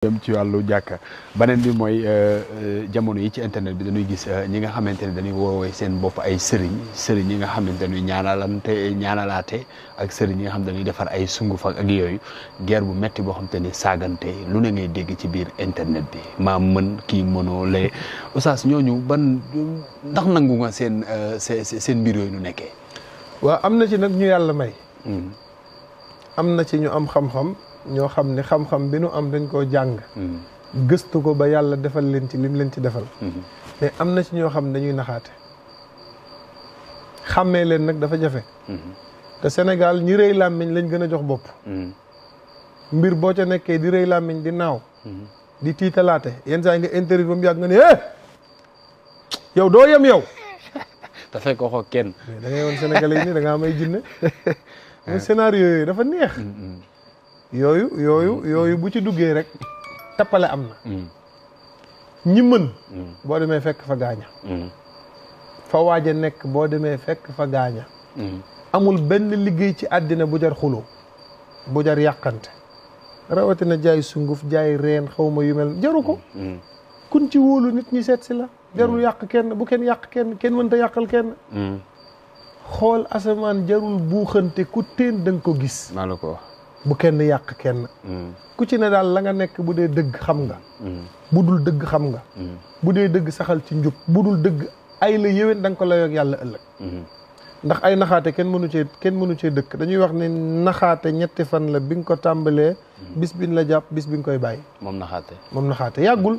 jëm ci wàllu jàkka beneen bi mooy euh, euh, jamono yi ci internet bi dañuy gis euh, ñi nga xamante ne dañuy woowee seen bopp ay sëriñ sëriñ yi nga xamante ne ñaanalante ñaanalaate ak sëriñ yi nga xam dañuy defar ay sunguf ak yooyu guerre bu metti boo xam ni saagante lu ne ngay dégg ci biir internet bi maa mën kii mënoo lee oustaz ñooñu ban ndax nangu nga seen seen mbir yooyu nu nekkee. waaw am na ci nag ñu yàlla may. Hmm. am na ci ñu am xam-xam ñoo xam ne xam-xam bi nu am dañ koo jàng mm-hmm. gëstu ko ba yàlla defal leen ci lim leen ci defal mm-hmm. mais am na ci ñoo xam ne dañuy naxaate xàmmee leen nag dafa jafe mm-hmm. te senegal ñi rëy làmmiñ lañ gën a jox bopp mbir boo ca nekkee di rëy làmmiñ di naaw di tiitalaate yenn saa yi nga interview ba mu yàgg nga ne eh! yow doo yem yow te fekk waxoo kenn. da ngay woon Sénégalais yi nii da ngaa may jinne mooy scénario yooyu dafa neex. Mm, mm. yooyu yooyu mm, yooyu bu ci duggee rek tappale am na. ñi boo demee fekk fa gaaña. fa waaja nekk boo demee fekk fa gaaña. amul benn liggéey ci àddina bu jar xuloo bu jar yàqante. rawatina jaay sunguf jaay reen xaw ma yu mel jaru ko. kun ci wóolu nit ñi seet si la. jarul hmm. yàq kenn bu kenn yàq kenn kenn mënta yàqal kenn. Hmm. xool asamaan jarul buuxante ku teen da nga ko gis. maa la ko bu kenn yàq kenn. Hmm. ku ci ne daal la nga nekk bu dee dëgg xam nga. bu dul dëgg xam nga. bu dee dëgg saxal ci njub bu dul dëgg ay la yéwén da ko layoog yàlla ëllëg. ndax ay naxaate kenn mënu cee kenn mënu cee dëkk dañuy wax ne naxaate ñetti fan la bi nga ko tàmbalee. bis bi la jàpp bis bi nga koy bàyyi. moom naxaate moom naxaate yàggul.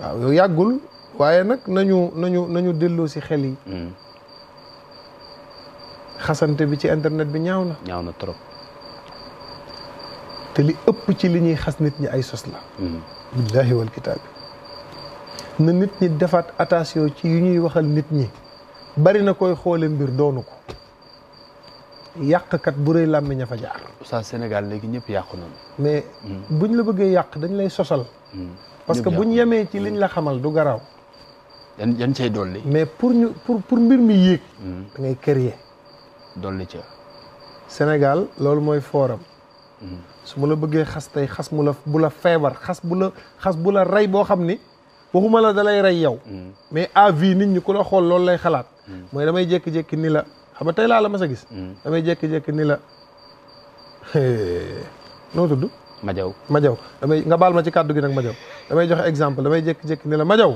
waaw yàggul waaye nag nañu nañu nañu delloo si xel yi. Hmm. xasante bi ci internet bi ñaaw na. ñaaw na trop. te li ëpp ci li ñuy xas nit ñi ay sos la. Hmm. billaahi wal kitaab na nit ñi defaat attention ci yu ñuy waxal nit ñi. bari na koy xoole mbir doonu ko. yàqkat bu rëy làmmiñ a fa jaar. sa Sénégal léegi ñëpp yàqu nañu. mais hmm. buñ la bëggee yàq dañ lay sosal. parce que buñ yemee ci liñ la xamal du garaaw. yan yan cay dolli. mais pour ñu pour pour mbir mi yéeg. Hmm. da ngay créer. dolli ca. Sénégal loolu mooy fooram. Hmm. su ma la bëggee xas tey xas mu la bu la feebar xas bu la xas bu la rey boo xam ni boo waxuma la da lay rey yow. Hmm. mais à vie nit ñi ku la xool loolu lay xalaat. mooy damay jékki-jékki ni la xam nga tey laa la mas a gis. damay jékki-jékki ni la noo tudd. majow Madiaw damay nga baal ma ci kàddu gi nag Madiaw damay joxe exemple damay jékki-jékki ni la Madiaw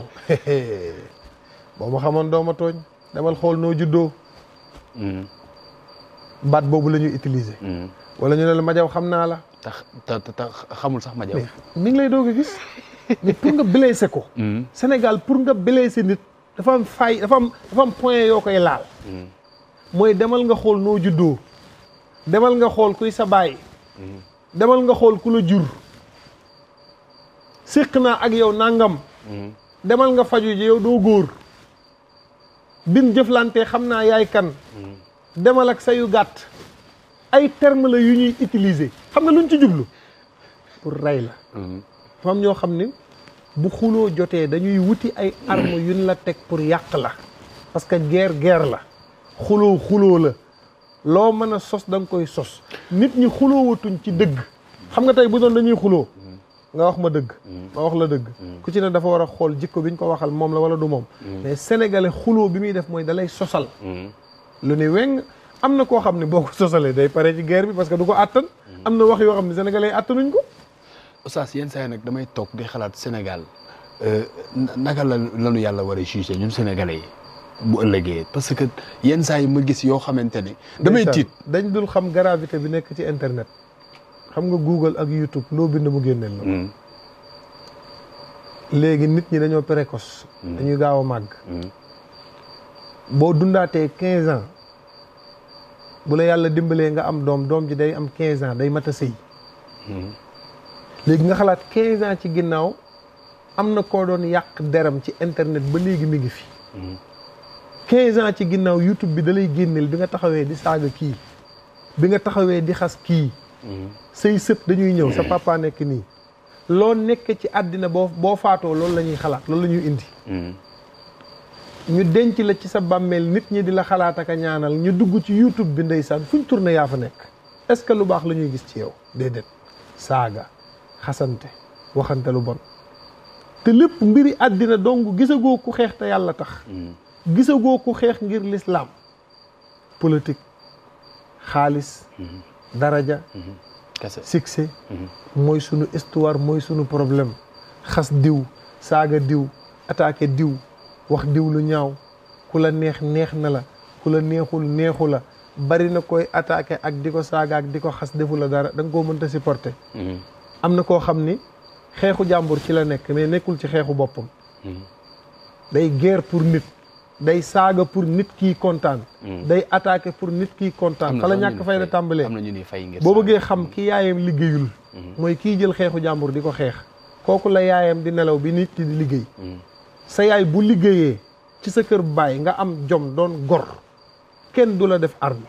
boo xamoon doo ma tooñ xool noo juddoo mm. baat boobu la ñuy utiliser mm. wala ñu ne la Madiaw xam naa la tax tax xamul sax Madiaw mi ngi lay doo a gis mais pour nga blesser ko mm. Sénégal pour nga blesser nit dafa am fay dafa am point yoo koy laal mooy demal nga xool noo juddoo demal nga xool kuy sa baay demal nga xool ku la jur séq naa ak yow nangam. Mm-hmm. demal nga faju ji doo góor bin jëflante xam naa yaay kan mm-hmm. demal ak sayu gàtt ay terme la yu ñuy utiliser xam nga luñ ci jublu pour ray la mm-hmm. fam ñoo xam ni bu xuloo jotee dañuy wuti ay yu yuñ la teg pour yàq la parce que guerre guerre la xuloo xuloo la loo mën a sos da koy sos nit ñi xuloowatuñ ci dëgg xam nga tey bu doon dañuy xuloo nga wax ma dëgg ma wax la dëgg ku ci ne dafa war a xool jikko bi ñu ko waxal moom la wala du moom mais sénégalais xuloo bi muy def mooy dalay sosal lu ne weng am na koo xam ne boo ko sosalee day pare ci guerre bi parce que du ko àttan am na wax yoo xam ne sénégalais àttanuñ ko oustaz yenn saa yi nag damay toog di xalaat sénégal euh, naka la lanu yàlla war a jugé ñun sénégalais bu ëllëgee parce que yenn saa yi ma gis yoo xamante ni damay tiit dañ dul xam gravité bi nekk ci internet. xam nga Google ak YouTube loo bind mu génneel la. Mm. léegi nit ñi dañoo précoce. Mm. dañuy gaaw a màgg. Mm. boo dundaatee quinze ans bu la yàlla dimbalee nga am doom doom ji day am quinze ans day mat a sëy. léegi nga xalaat quinze ans ci ginnaaw am na koo doon yàq deram ci internet ba léegi mi ngi fi. 15 ans ci ginnaaw YouTube bi dalay lay génneel bi nga taxawee di saaga kii bi nga taxawee di xas kii. Mhm. say sët dañuy ñëw sa mhm. papa nekk nii. loo nekk ci àddina boo boo faatoo loolu la ñuy xalaat loolu la ñuy indi. Mhm. ñu denc la ci sa bàmmeel nit ñi di la xalaat ak a ñaanal ñu dugg ci YouTube bi ndeysaan fuñ tourné yaa fa nekk. est-ce que lu baax lañuy gis ci yow déedéet saaga xasante waxante lu bon te lépp mbiri àddina dong gisagoo ku xeex te yàlla tax. gisagoo ku xeex ngir lislaam politique xaalis daraja succès mhm. mooy sunu histoire mooy sunu problème xas diw saaga diw attaqué diw wax diw lu ñaaw ku la neex neex na la ku la neexul neexu la bari na koy attaqué ak di ko saaga ak di ko xas defu la dara da nga koo mënta supporter mhm. am na koo xam ni xeexu jàmbur ci la nekk mais nekkul ci xeexu boppam mhm. day guerre pour nit day saaga pour nit kii kontaan. Hmm. day attaqué pour nit kii kontaan. fa la ñàkk fay la tàmbalee am na ni fay ngir boo bëggee xam ki yaayam liggéeyul. Hmm. mooy kii jël xeexu jàmbur di ko xeex. kooku la yaayam di nelaw bi nit ki di liggéey. Hmm. sa yaay bu liggéeyee ci sa kër baay nga am jom doon gor kenn du la def arme.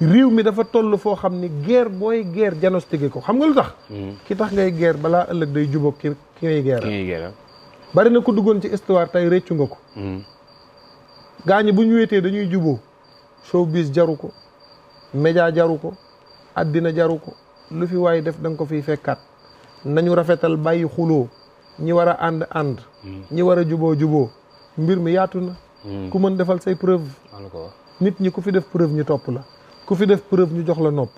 réew mi dafa toll foo xam ni guerre booy guerre diagnostiqué ko xam nga lu tax. ki tax ngay geer balaa ëllëg day jubóog ki ki ngay guerre. bari na ku duggoon ci histoire tey réccu nga ko hmm. gaañi bu ñu wéetee dañuy juboo showbiz jaru ko média jaru ko addina jaru ko lu fi waay def danga ko fiy fekkaat nañu rafetal bàyyi xuloo ñi war a ànd ànd hmm. ñi war a juboo juboo mbir mi yaatu na hmm. ku mën defal say preuve nit ñi ku fi def preuve ñu topp la ku fi def preuve ñu jox la nopp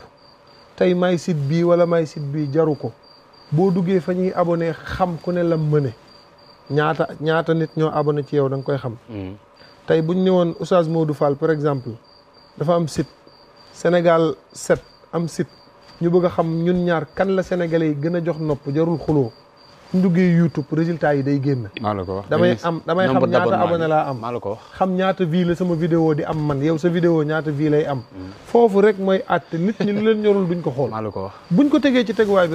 tey may site bii wala may site bii jaru ko boo duggee fa ñuy abonné xam ku ne lam mëne ñaata ñaata nit ñoo abonné ci yow da nga koy xam. Hmm. tey bu ñu ne woon Oustaz Modou Fall par exemple dafa am site Sénégal 7 am site ñu bëgg a xam ñun ñaar kan la sénégalais yi gën a jox nopp jarul xuloo suñ duggee YouTube résultat yi day génn. maa la ko wax damay am damay xam ñaata abonné laa am. maa ko xam ñaata vie la sama video di am man yow sa vidéo ñaata vie lay am. Hmm. foofu rek mooy àtte nit ñi lu leen ñorul duñ ko xool. wax buñ ko tegee ci teguwaay bi rek.